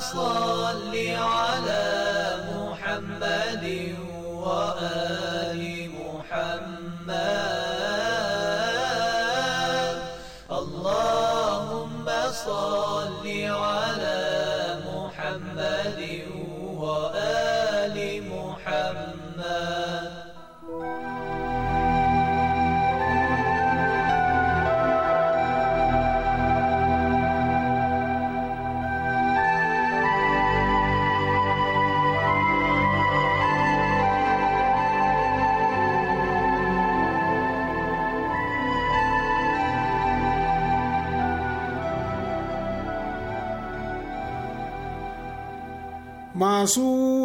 صل على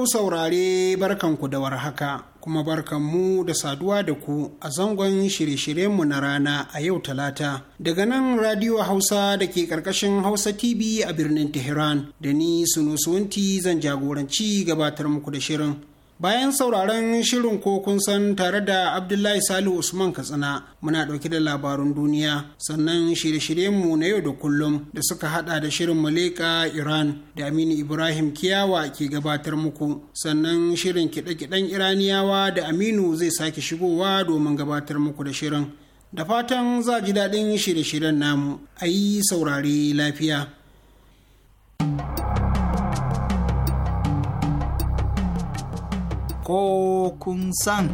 Ku saurare barkanku da warhaka kuma barkanmu da saduwa da ku a zangon shirye-shiryenmu na rana a yau talata. Daga nan Radio Hausa da ke ƙarƙashin Hausa TV a birnin Tehran da ni Sunusuwanti zan jagoranci gabatar muku da shirin. Bayan sauraron shirin ko kun san tare da Abdullahi Salihu Usman Katsina muna ɗauke da labarun duniya sannan shirye-shiryenmu na yau da kullum da suka hada da shirin malika Iran da Aminu Ibrahim Kiyawa ke gabatar muku sannan shirin kiɗe-kiɗen Iraniyawa da Aminu zai sake shigowa domin gabatar muku da shirin. Da fatan za ji daɗin shirye-shiryen namu, a yi saurare lafiya. ko kun san.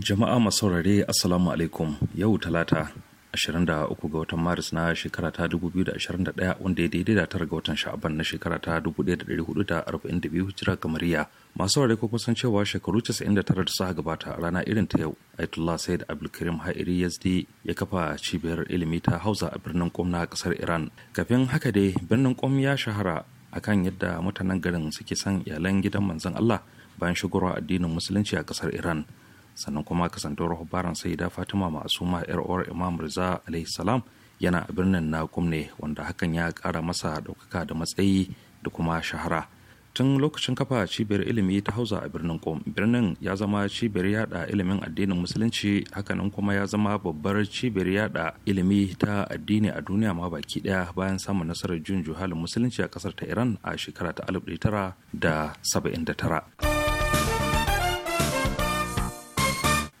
Jama'a masaurare Assalamu alaikum yau talata 23 ga watan Maris na shekara ta 2021 wanda ya daidai da tara ga watan Sha'aban na shekara ta 1442 hijira kamariya. Masu ware ko san cewa shekaru 99 da sa gabata a rana irin ta yau, Aitullah Said Abdulkarim Ha'iri YSD ya kafa cibiyar ilimi ta Hausa a birnin Qom na kasar Iran. Kafin haka dai birnin Qom ya shahara akan yadda mutanen garin suke son iyalan gidan manzon Allah bayan shigarwa addinin musulunci a kasar Iran sannan kuma kasantar rahobaran saida Fatima Ma'asuma yar uwar Imam Riza alaihi salam yana a birnin na ne wanda hakan ya kara masa ɗaukaka da matsayi da kuma shahara tun lokacin kafa cibiyar ilimi ta hauza a birnin kom birnin ya zama cibiyar yada ilimin addinin musulunci hakanan kuma ya zama babbar cibiyar yada ilimi ta addini a duniya ma baki daya bayan samun nasarar jin juhalin musulunci a kasar ta iran a shekara ta 1979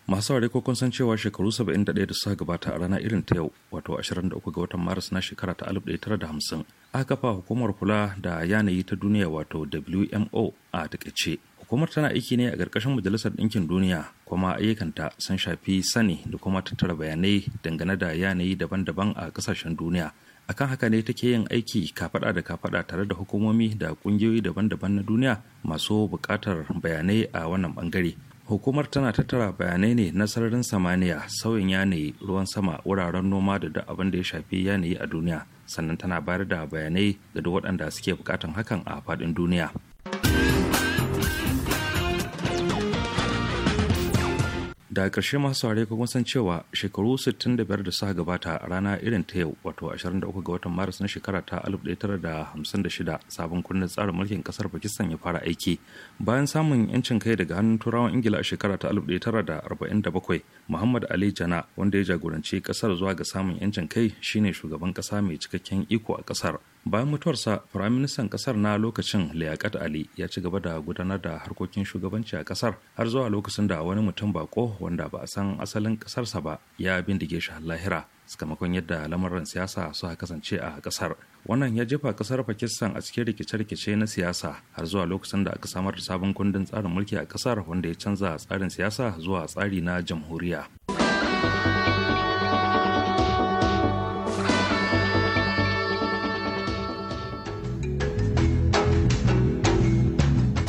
masu ware ko san cewa shekaru 71 da suka gabata a rana irin ta yau wato 23 ga watan maris na shekara ta aka kafa hukumar kula da yanayi ta duniya wato wmo a takaice hukumar tana aiki ne a ƙarƙashin majalisar ɗinkin duniya kuma ayyukanta sun shafi sani da kuma tattara bayanai dangane da yanayi daban-daban a ƙasashen duniya akan haka ne take yin aiki kafaɗa da kafada tare da hukumomi da ƙungiyoyi daban-daban na duniya masu buƙatar bayanai a wannan bangare hukumar tana tattara bayanai ne na sararin samaniya sauyin yanayi ruwan sama wuraren noma da abin da ya shafi yanayi a duniya sannan tana bayar da bayanai ga duk waɗanda suke bukatan hakan a faɗin duniya da ƙarshe masu saurare kuma san cewa shekaru 65 da suka gabata a rana irin ta yau wato 23 ga watan maris na shekara ta 1956 sabon kundin tsarin mulkin kasar pakistan ya fara aiki bayan samun yancin kai daga hannun turawan ingila a shekara ta 1947 muhammad ali jana wanda ya jagoranci kasar zuwa ga samun yancin kai shine shugaban kasa mai cikakken iko a kasar bayan mutuwarsa firaministan kasar na lokacin liyakat ali ya ci gaba da gudanar da harkokin shugabanci a kasar har zuwa lokacin da wani mutum bako wanda ba a san asalin kasarsa ba ya bindige shi lahira sakamakon yadda lamarin siyasa su suka kasance a kasar wannan ya jefa kasar pakistan a cikin rikice-rikice na siyasa har zuwa lokacin da aka samar da sabon kundin tsarin mulki a kasar wanda ya canza tsarin siyasa zuwa tsari na jamhuriya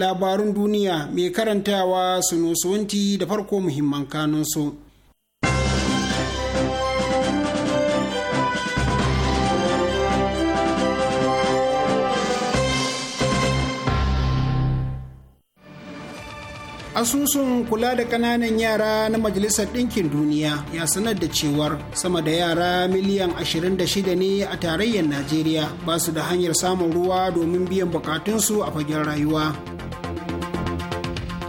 labarun duniya mai karantawa sunusuwanti da farko muhimman kanunsu. asusun kula da ƙananan yara na majalisar ɗinkin duniya ya sanar da cewar sama da yara miliyan 26 ne a tarayyar najeriya ba su da hanyar samun ruwa domin biyan bukatunsu a fagen rayuwa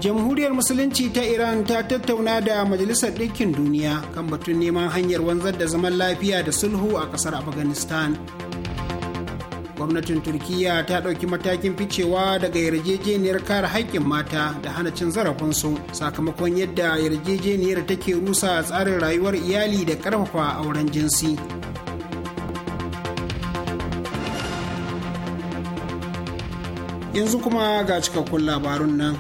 jamhuriyar musulunci ta iran ta tattauna da majalisar ɗinkin duniya kan batun neman hanyar wanzar da zaman lafiya da sulhu a ƙasar afghanistan gwamnatin turkiya ta ɗauki matakin ficewa daga yarjejeniyar kare haƙƙin mata da hana cin zarafinsu sakamakon yadda yarjejeniyar take rusa tsarin rayuwar iyali da ƙarfafa auren jinsi yanzu kuma ga cikakkun labarun nan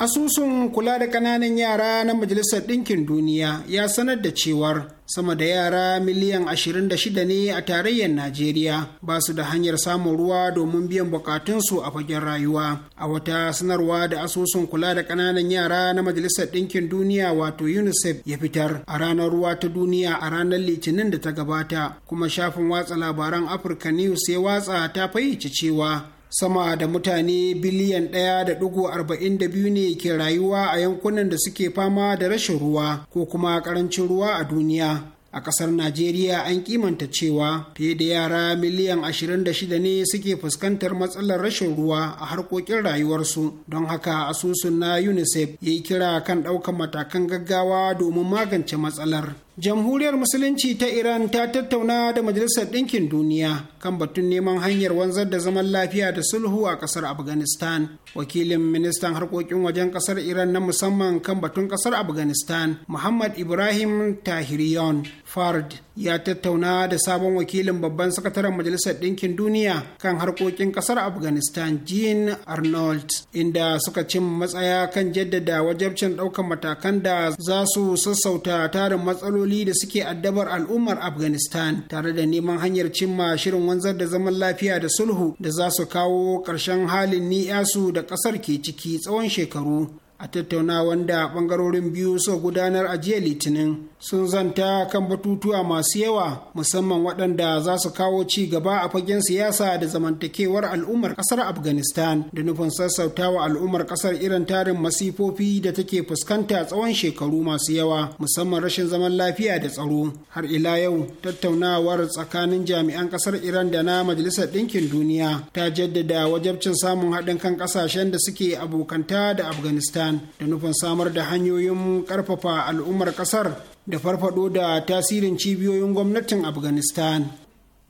Asusun kula da ƙananan yara na Majalisar Ɗinkin Duniya ya sanar da cewar sama da yara miliyan 26 ne a tarayyar Najeriya ba su da hanyar samun ruwa domin biyan bukatunsu a fagen rayuwa. A wata sanarwa da asusun kula da ƙananan yara na Majalisar Ɗinkin Duniya wato UNICEF ya fitar a ranar ruwa ta duniya a ranar Litinin da ta gabata kuma shafin watsa labaran Africa News ya watsa ta fayyace cewa sama da mutane biliyan ɗaya da ɗigo arba'in da biyu ne ke rayuwa a yankunan da suke fama da rashin ruwa ko kuma ƙarancin ruwa a duniya a ƙasar najeriya an kimanta cewa fiye da yara miliyan ashirin da shida ne suke fuskantar matsalar rashin ruwa a harkokin rayuwarsu don haka asusun na unicef ya yi kira kan ɗaukar matakan gaggawa domin magance matsalar Jamhuriyar Musulunci ta Iran ta tattauna da Majalisar Ɗinkin Duniya kan batun neman hanyar wanzar da zaman lafiya da sulhu a ƙasar Afghanistan. Wakilin ministan harkokin wajen ƙasar Iran na musamman kan batun ƙasar Afghanistan, Muhammad Ibrahim Tahiriyon Fard, ya tattauna da sabon wakilin babban sakataren majalisar ɗinkin duniya kan harkokin ƙasar afghanistan jean arnold inda suka cin matsaya kan jaddada wajabcin ɗaukar matakan da za su sassauta tarin matsaloli da suke addabar al'ummar afghanistan tare da neman hanyar cimma shirin wanzar da zaman lafiya da sulhu da za su kawo ƙarshen halin ni'yasu da ƙasar ke ciki tsawon shekaru a tattaunawan da bangarorin biyu so gudanar a jiya litinin sun zanta kan batutuwa masu yawa musamman waɗanda za su kawo ci gaba a fagen siyasa da zamantakewar al'ummar ƙasar afghanistan da nufin sassautawa al'ummar ƙasar irin tarin masifofi da take fuskanta tsawon shekaru masu yawa musamman rashin zaman lafiya da tsaro har ila yau tattaunawar tsakanin jami'an ƙasar iran da na majalisar ɗinkin duniya ta jaddada wajabcin samun haɗin kan ƙasashen da suke abokanta da afghanistan da nufin samar da hanyoyin karfafa al'ummar kasar da farfado da tasirin cibiyoyin gwamnatin afghanistan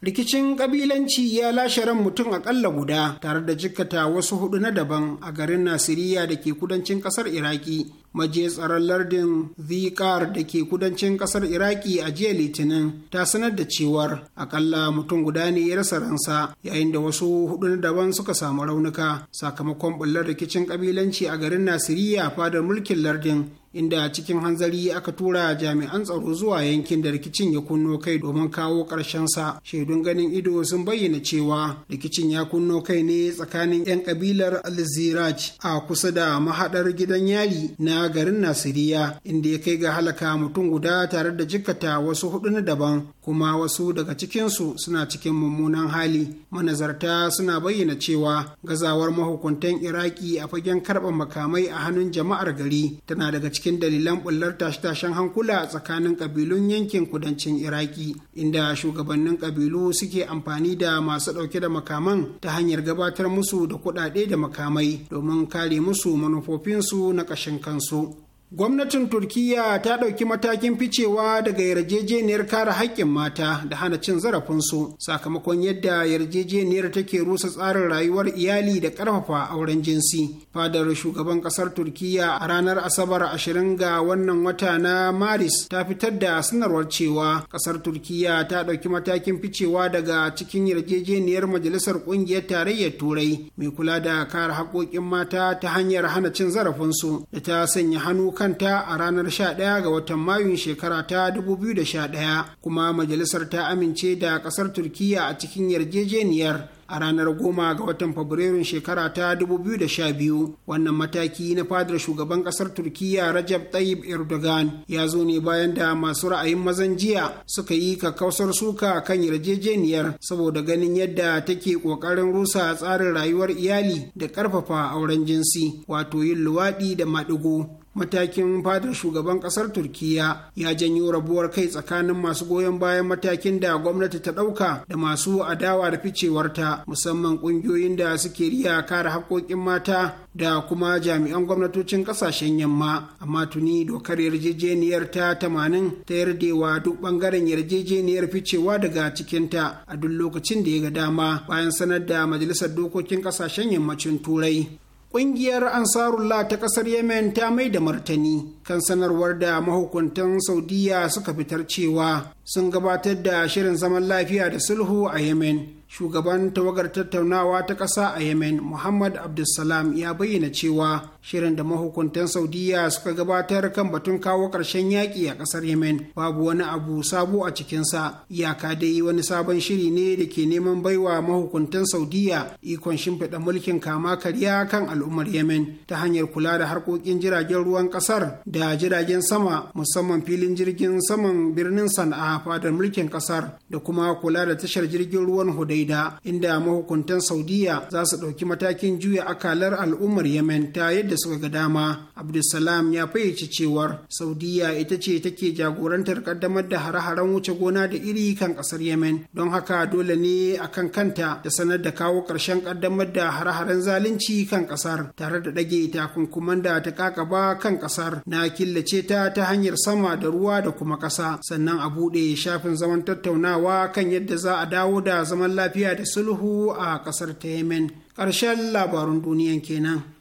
rikicin kabilanci ya lashe ran mutum akalla guda tare da jikkata wasu hudu na daban a garin nasiriya da ke kudancin kasar iraki maje tsaron lardin zikar da ke kudancin kasar iraki a jiya litinin ta sanar da cewar akalla mutum guda ne ya rasa ransa yayin da wasu hudu na daban suka samu raunuka sakamakon bullar rikicin kabilanci a garin nasiriya fadar mulkin lardin inda cikin hanzari aka tura jami'an tsaro zuwa yankin da rikicin ya kunno kai domin kawo sa shaidun ganin ido sun bayyana cewa rikicin ya kunno kai ne tsakanin 'yan kabilar alziraj a kusa da mahaɗar gidan yari na garin nasiriya inda ya kai ga halaka mutum guda tare da jikkata wasu hudu na daban kuma wasu daga cikinsu suna cikin mummunan hali manazarta suna bayyana cewa gazawar mahukuntan iraki a fagen karɓar makamai a hannun jama'ar gari tana daga cikin dalilan bullar tashe-tashen hankula tsakanin kabilun yankin kudancin iraki inda shugabannin kabilu suke amfani da masu dauke da makaman ta hanyar gabatar musu da kuɗaɗe da makamai domin kare musu manufofinsu na ƙashin kansu Gwamnatin Turkiyya ta ɗauki matakin ficewa daga yarjejeniyar kare haƙƙin mata da hana cin zarafinsu sakamakon yadda yarjejeniyar take rusa tsarin rayuwar iyali da ƙarfafa auren jinsi. Fadar shugaban ƙasar Turkiyya a ranar Asabar 20 ga wannan wata na Maris ta fitar da sanarwar cewa ƙasar Turkiyya ta ɗauki matakin ficewa daga cikin yarjejeniyar Majalisar Ƙungiyar Tarayyar Turai mai kula da kare haƙƙoƙin mata ta hanyar hana cin zarafinsu da ta sanya hannu kanta a ranar 11 ga watan Mayun shekara ta 2011 kuma majalisar ta amince da ƙasar Turkiyya a cikin yarjejeniyar a ranar goma ga watan fabrairun shekara ta 2012 wannan mataki na fadar shugaban kasar turkiya rajab tayyip erdogan ya zo ne bayan da masu ra'ayin mazan jiya suka yi kakkausar suka kan yarjejeniyar saboda ganin yadda take kokarin rusa tsarin rayuwar iyali da karfafa auren jinsi wato yin luwaɗi da maɗigo matakin fadar shugaban kasar turkiya ya janyo rabuwar kai tsakanin masu goyon bayan matakin da gwamnati ta ɗauka da masu adawa da ficewarta musamman ƙungiyoyin da suke riya kare haƙoƙin mata da kuma jami'an gwamnatocin ƙasashen yamma amma tuni dokar yarjejeniyar ta tamanin ta yardewa duk bangaren yarjejeniyar ficewa daga cikinta a duk lokacin da ya ga dama bayan sanar da majalisar dokokin ƙasashen yammacin turai Ƙungiyar Ansarullah ta ƙasar Yemen ta mai da martani kan sanarwar da mahukuntan Saudiya suka fitar cewa sun gabatar da shirin zaman lafiya da sulhu a Yemen. Shugaban tawagar tattaunawa ta ƙasa a Yemen, Muhammad Abdulsalam ya bayyana cewa shirin da mahukuntan saudiya suka gabatar kan batun kawo ƙarshen yaƙi a ƙasar yemen babu wani abu sabo a cikinsa iyaka dai wani sabon shiri ne da ke neman baiwa mahukuntan saudiya ikon shimfiɗa mulkin kama karya kan al'ummar yemen ta hanyar kula da harkokin jiragen ruwan ƙasar da jiragen sama musamman filin jirgin saman birnin sana'a fadar mulkin ƙasar da kuma kula da tashar jirgin ruwan hudaida inda mahukuntan saudiya za su ɗauki matakin juya akalar al'ummar yemen ta yadda suka ga dama abdulsalam ya fayyace cewar saudiya ita ce take jagorantar kaddamar da hare-haren wuce gona da iri kan kasar yemen don haka dole ne a kan kanta da sanar da kawo karshen kaddamar da hare-haren zalunci kan kasar tare da ɗage takunkuman da ta kakaba kan kasar na killace ta ta hanyar sama da ruwa da kuma kasa sannan a buɗe shafin zaman tattaunawa kan yadda za a dawo da zaman lafiya da sulhu a kasar ta yemen ƙarshen labarun duniyan kenan.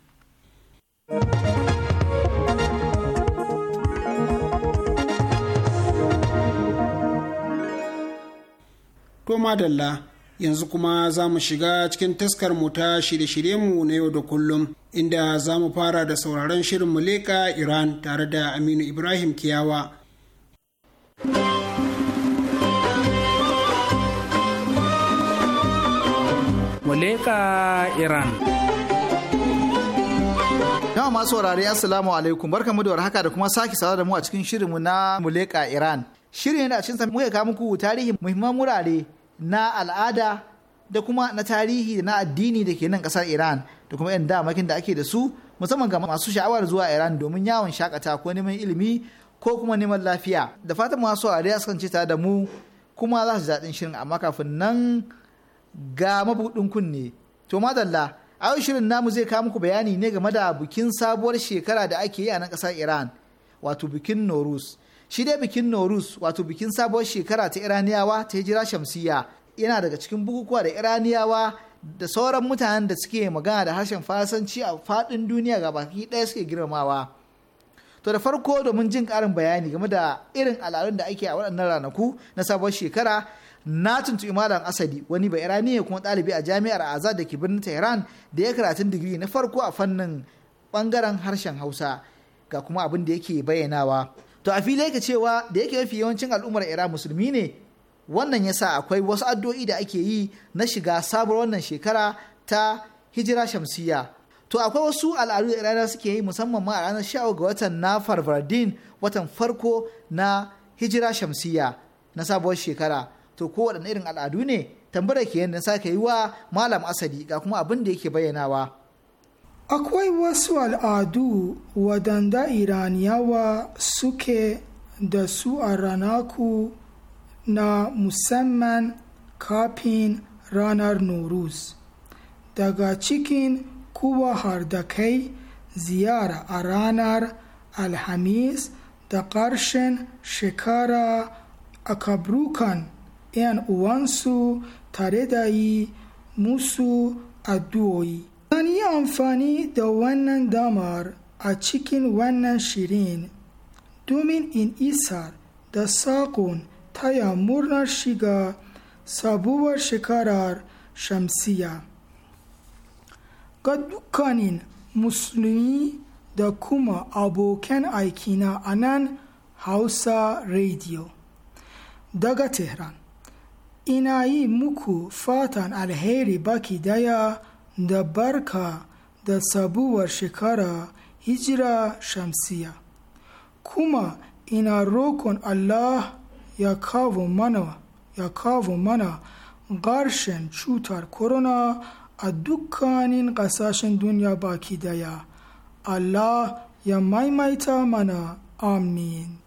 To madalla yanzu kuma za mu shiga cikin taskar mu ta shirye-shiryenmu na yau da kullum inda za mu fara da sauraron shirin Muleka Iran tare da Aminu Ibrahim Kiyawa. Muleka Iran. Yawan masu saurare Assalamu alaikum barkamu da warhaka da kuma sake sawa da mu a cikin shirinmu na Muleka Iran. Shirin yana cikin muke kawo muku tarihi muhimman wurare na al'ada da kuma na tarihi na addini da ke nan kasar Iran da kuma yan damakin da ake da su musamman ga masu sha'awar zuwa Iran domin yawon shakata ko neman ilimi ko kuma neman lafiya. Da fatan masu saurare a kasance da mu kuma za su daɗin shirin amma kafin nan ga mabuɗin kunne. To madalla a yau shirin namu zai kawo muku bayani ne game da bikin sabuwar shekara da ake yi a nan ƙasar iran wato bikin norus shi dai bikin norus wato bikin sabuwar shekara ta iraniyawa ta hijira shamsiyya yana daga cikin bukukuwa da iraniyawa da sauran mutanen da suke magana da harshen faransanci a faɗin duniya ga baki ɗaya suke girmamawa to da farko domin jin ƙarin bayani game da irin al'adun da ake a waɗannan ranaku na sabuwar shekara na tuntuɓi malam asadi wani bairani irani kuma ɗalibi a jami'ar azad da ke birnin tehran da ya karatun digiri na farko a fannin ɓangaren harshen hausa ga kuma abin da yake bayyanawa to a fili yake cewa da yake mafi yawancin al'ummar iran musulmi ne wannan ya sa akwai wasu addu'o'i da ake yi na shiga sabuwar wannan shekara ta hijira shamsiyya to akwai wasu al'adu da irana suke yi musamman ma a ranar sha ga watan na farvardin watan farko na hijira Shamsiyya na sabuwar shekara to ko waɗanne irin al'adu ne tambara ke yadda sake yi wa malam asadi ga kuma abin da yake bayyanawa akwai wasu al'adu wadanda iraniyawa suke da su a ranaku na musamman kafin ranar noruz daga cikin kuwa har da kai ziyara a ranar alhamis da ƙarshen shekara a kabrukan 'yan uwansu tare da yi musu addu'o'i. Zan yi amfani da wannan damar a cikin wannan shirin domin in isar da saƙon taya murnar shiga sabuwar shekarar shamsiya. Ga dukkanin musulmi da kuma abokan aikina a nan Hausa Radio daga Tehran. ina yi muku fatan alheri baki daya da barka da sabuwar shekara hijira shamsiya kuma ina rokon allah ya kawo mana ya kawo mana garshen cutar korona a dukkanin ƙasashen duniya baki daya allah ya maimaita mana amin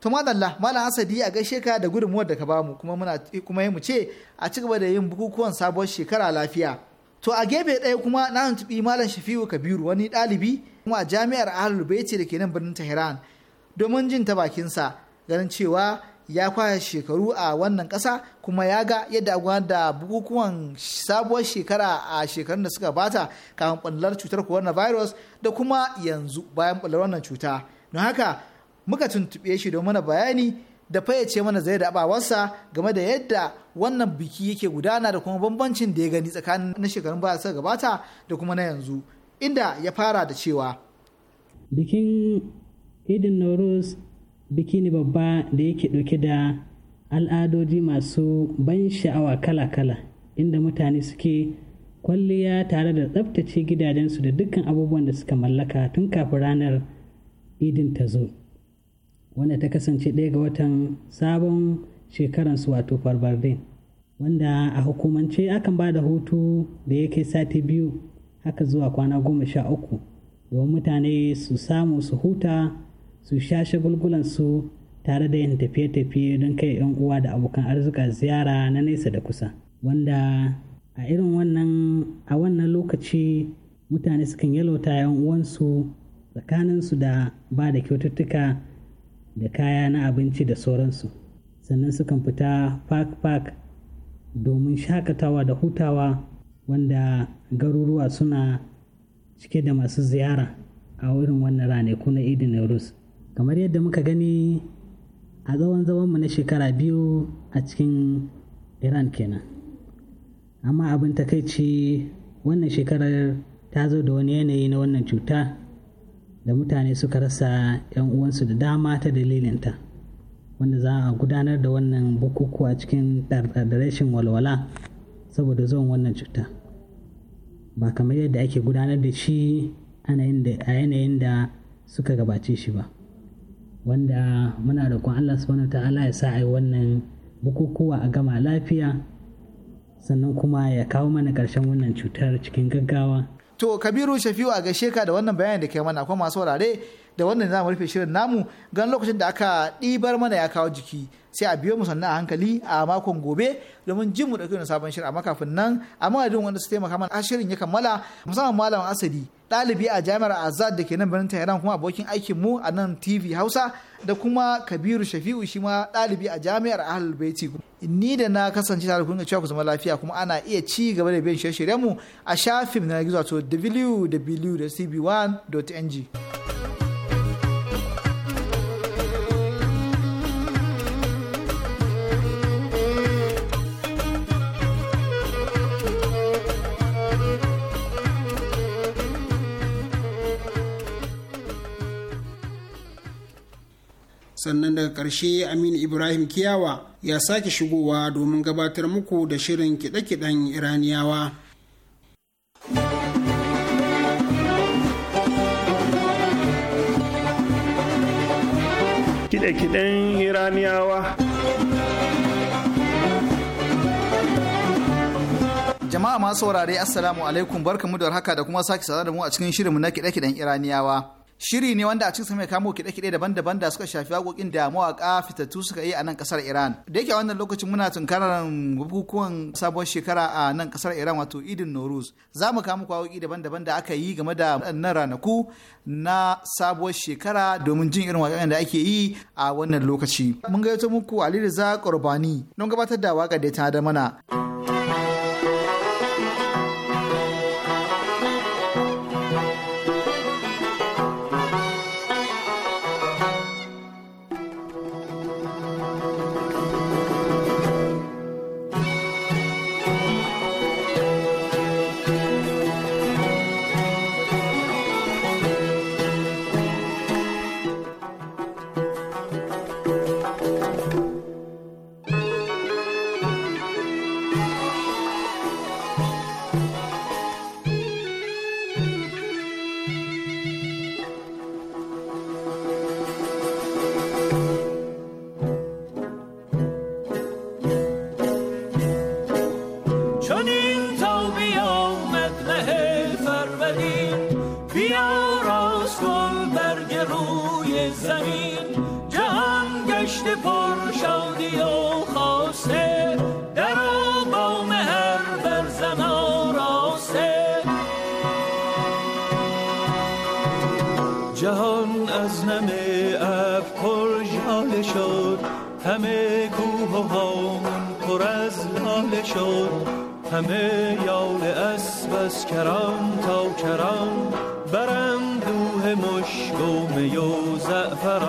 to madalla malam asadi a gaishe ka da gudunmuwar da ka bamu kuma muna kuma mu ce a ci gaba da yin bukukuwan sabuwar shekara lafiya to a gefe ɗaya kuma na tuɓi malam shafiu kabiru wani ɗalibi kuma a jami'ar ahlul baiti da ke nan birnin tehran domin jin ta bakinsa ganin cewa ya kwaya shekaru a wannan ƙasa kuma ya ga yadda gudanar da bukukuwan sabuwar shekara a shekarun da suka bata kafin ɓullar cutar coronavirus da kuma yanzu bayan ɓullar wannan cuta don haka muka tuntuɓe shi don mana bayani da fayyace mana zai dabawarsa game da yadda wannan biki yake gudana da kuma bambancin da ya gani tsakanin na shekarun baya suka gabata da kuma na yanzu inda ya fara da cewa bikin idin nauruz biki ne babba da yake ɗauke da al'adoji masu ban sha'awa kala-kala inda mutane suke kwalliya tare da tsabtace gidajensu da dukkan abubuwan da suka mallaka tun kafin ranar idin ta zo wanda ta kasance ɗaya ga watan sabon shekaran su wato farbardin wanda a hukumance akan ba da hutu da yake sati biyu haka zuwa kwana goma sha uku domin mutane su samu su huta su sha shagulgulansu tare da yin tafiye-tafiye don kai 'yan uwa da abokan arzika ziyara na nesa da kusa wanda a irin wannan a wannan lokaci mutane sukan yalauta 'yan uwansu tsakaninsu da ba da kyaututtuka da kaya na abinci da sauransu sannan sukan fita park-park domin shakatawa da hutawa wanda garuruwa suna cike da masu ziyara a wurin wannan ranaku na idin nauruz kamar yadda muka gani a tsawon zawonmu na shekara biyu a cikin iran kenan amma abin takaici wannan shekarar ta zo da wani yanayi na wannan cuta da mutane suka rasa 'yan uwansu da dama ta dalilinta wanda za a gudanar da wannan bukukuwa cikin da rashin walwala saboda zuwan wannan cuta ba kamar yadda ake gudanar da shi a yanayin da suka gabace shi ba wanda muna roƙon allah subhanahu wa ta'ala ya sa a yi wannan bukukuwa a gama lafiya sannan kuma ya kawo mana ƙarshen wannan cutar cikin gaggawa to kabiru shafi'u a gaishe ka da wannan bayani da kai mana ko masu wurare da wannan za mu rufe shirin namu gan lokacin da aka ɗibar mana ya kawo jiki sai a biyo mu sannan a hankali a makon gobe domin jin mu ɗauki wani sabon shirin amma kafin nan a madadin wanda su taimaka mana shirin ya kammala musamman malam asadi ɗalibi a jami'ar azad da ke nan birnin tehran kuma abokin aikin mu a nan tv hausa da kuma kabiru shafi'u shi ma ɗalibi a jami'ar ahlul baiti ni da na kasance tare kun cewa ku zama lafiya kuma ana iya ci gaba da biyan shirye-shiryen mu a shafin na gizo wato www.cb1.ng. sannan daga ƙarshe aminu ibrahim kiyawa ya sake shigowa domin gabatar muku da shirin kiɗe-kiɗen iraniyawa kiɗe-kiɗen iraniyawa jama'a masu saurare assalamu alaikum barkamu da haka da kuma sake sada da mu a cikin shirinmu na kiɗe-kiɗen iraniyawa shiri ne wanda a cikin mai kamo kiɗe kide daban-daban da suka shafi waƙoƙin da mawaƙa fitattu suka yi a nan ƙasar Iran. Da yake wannan lokacin muna tunkarar bukukuwan sabon shekara a nan ƙasar Iran wato Idin Noruz. Za mu kamo waƙoƙi daban-daban da aka yi game da wannan ranaku na sabuwar shekara domin jin irin waƙoƙin da ake yi a wannan lokaci. Mun gayyato muku Ali Riza Qurbani don gabatar da waƙa da ta da mana.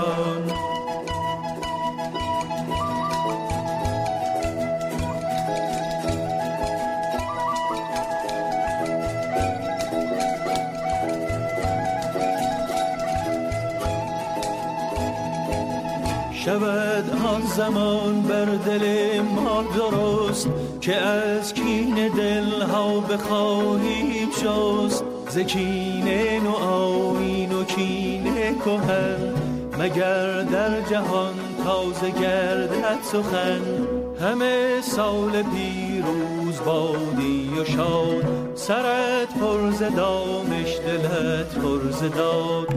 جان شود آن زمان بر دل ما درست که از کین دل ها بخواهیم شست ز کینه نو آین و کین کهن مگر در جهان تازه گردد سخن همه سال پیروز بادی و شاد سرت پرز دامش دلت پرز داد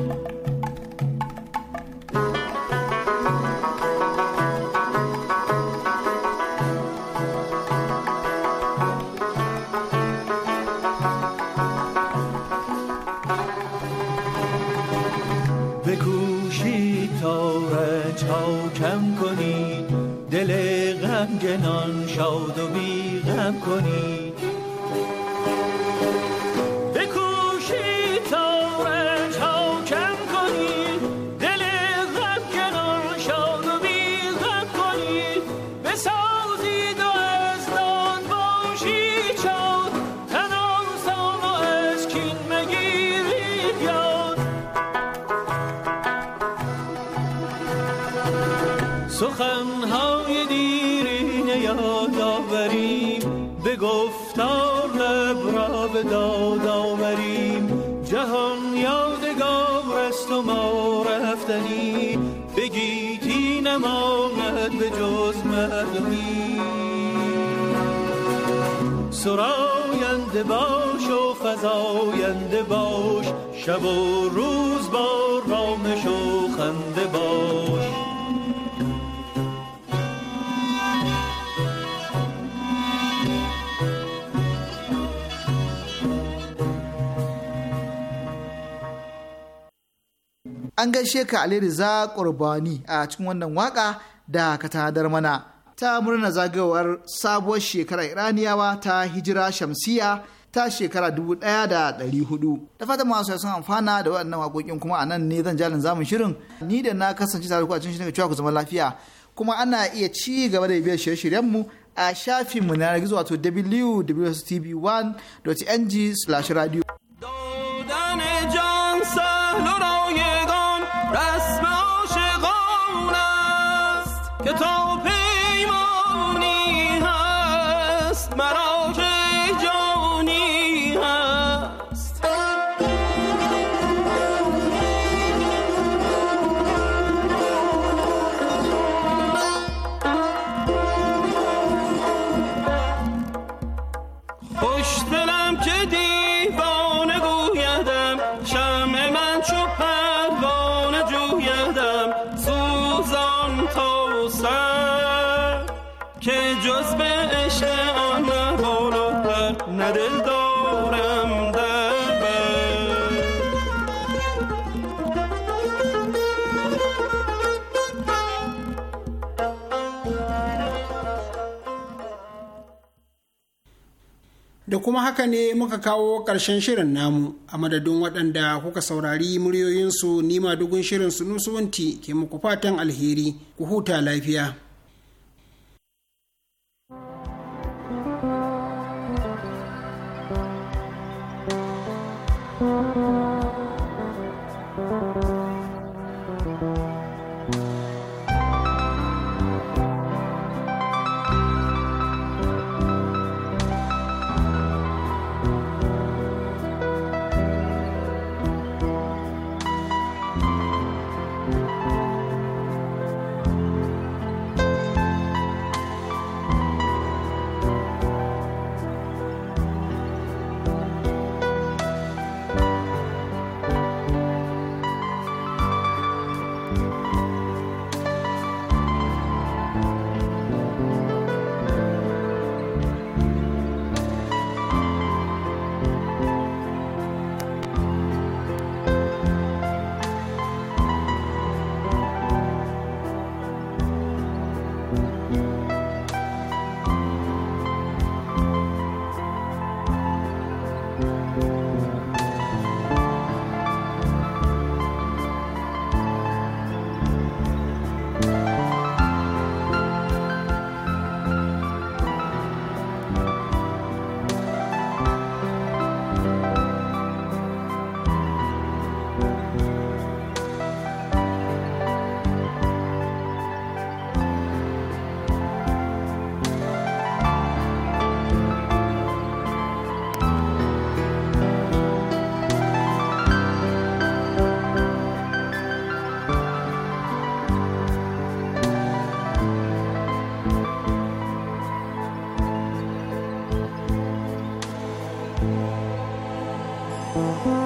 بیچارت چاو کم کنی دل گنان شاد و بیغم کنی. داد آوریم جهان یادگار است و ما رفتنی بگیتی نماند به جز مردمی سراینده باش و فضاینده باش شب و روز با رامش و خنده باش an gaishe ka Ali da Qurbani a cikin wannan waka da ka tanadar mana ta murna zagayowar sabuwar shekarar Iraniyawa ta hijira shamsiya ta shekara 1400 da fatan masu sun amfana da waɗannan waƙoƙin kuma a nan ne zan jalin zamun shirin ni da na kasance tare ku a cikin cewa ku zama lafiya kuma ana iya ci gaba da biyar shirye-shiryenmu a shafinmu na gizo wato www.tv1.ng/radio. Dodane Johnson, kuma haka ne muka kawo ƙarshen shirin namu a madadin waɗanda kuka saurari muryoyinsu nima dugun shirin sunusuwanti ke muku fatan alheri ku huta lafiya. Thank you.